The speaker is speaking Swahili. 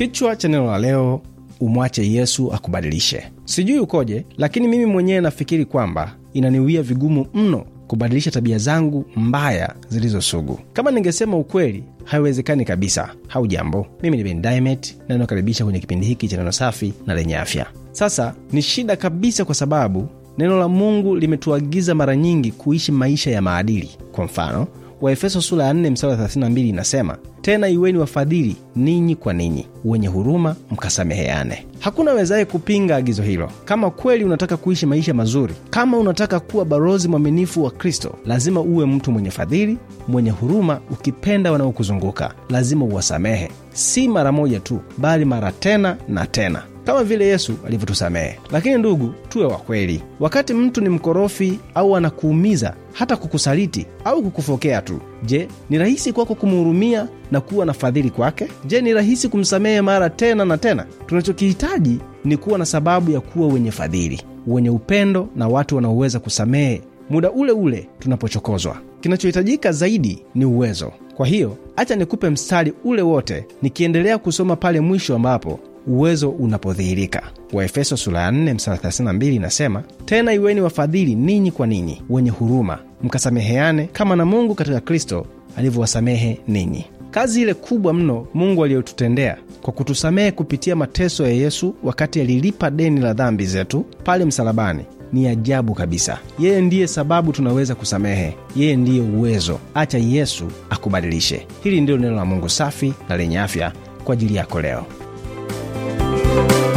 Kichwa cha neno la leo, umwache Yesu akubadilishe. Sijui ukoje, lakini mimi mwenyewe nafikiri kwamba inaniwia vigumu mno kubadilisha tabia zangu mbaya zilizo sugu. Kama ningesema ukweli, haiwezekani kabisa. Hau jambo, mimi ni Ben Diamond na ninakaribisha kwenye kipindi hiki cha neno safi na lenye afya. Sasa ni shida kabisa, kwa sababu neno la Mungu limetuagiza mara nyingi kuishi maisha ya maadili. Kwa mfano, Waefeso sura ya 4 mstari wa 32 inasema, tena iweni wafadhili ninyi kwa ninyi, wenye huruma, mkasameheane. Hakuna wezaye kupinga agizo hilo. Kama kweli unataka kuishi maisha mazuri, kama unataka kuwa balozi mwaminifu wa Kristo, lazima uwe mtu mwenye fadhili, mwenye huruma, ukipenda wanaokuzunguka. Lazima uwasamehe, si mara moja tu, bali mara tena na tena kama vile Yesu alivyotusamehe. Lakini ndugu, tuwe wa kweli. Wakati mtu ni mkorofi au anakuumiza, hata kukusaliti au kukufokea tu, je, ni rahisi kwako kumhurumia na kuwa na fadhili kwake? Je, ni rahisi kumsamehe mara tena na tena? Tunachokihitaji ni kuwa na sababu ya kuwa wenye fadhili, wenye upendo na watu wanaoweza kusamehe muda ule ule tunapochokozwa. Kinachohitajika zaidi ni uwezo. Kwa hiyo acha nikupe mstari ule wote, nikiendelea kusoma pale mwisho ambapo uwezo unapodhihirika. Waefeso sula ya 4 mstari 32 inasema, tena iweni wafadhili ninyi kwa ninyi, wenye huruma, mkasameheane kama na Mungu katika Kristo alivyowasamehe ninyi. Kazi ile kubwa mno Mungu aliyotutendea kwa kutusamehe kupitia mateso ya Yesu wakati alilipa deni la dhambi zetu pale msalabani ni ajabu kabisa. Yeye ndiye sababu tunaweza kusamehe, yeye ndiye uwezo. Acha Yesu akubadilishe. Hili ndilo neno la Mungu safi na lenye afya kwa ajili yako leo. Thank you.